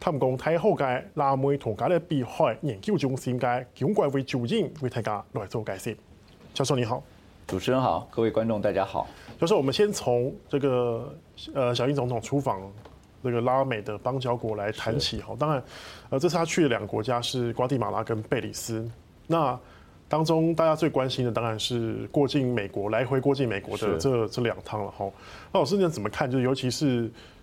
淡江大學拉美及加勒比海研究中心的宮國威主任為大家來做解釋。教授你好。主持人好，各位觀眾大家好。教授，我們先從這個，呃，小英總統出訪這個拉美的邦交國來談起。哈，當然，呃，這次他去的兩個國家是瓜地馬拉跟貝里斯。那當中大家最關心的，當然是過境美國來回過境美國的這這兩趟了。哈，那老師你點怎麼看，就是尤其是。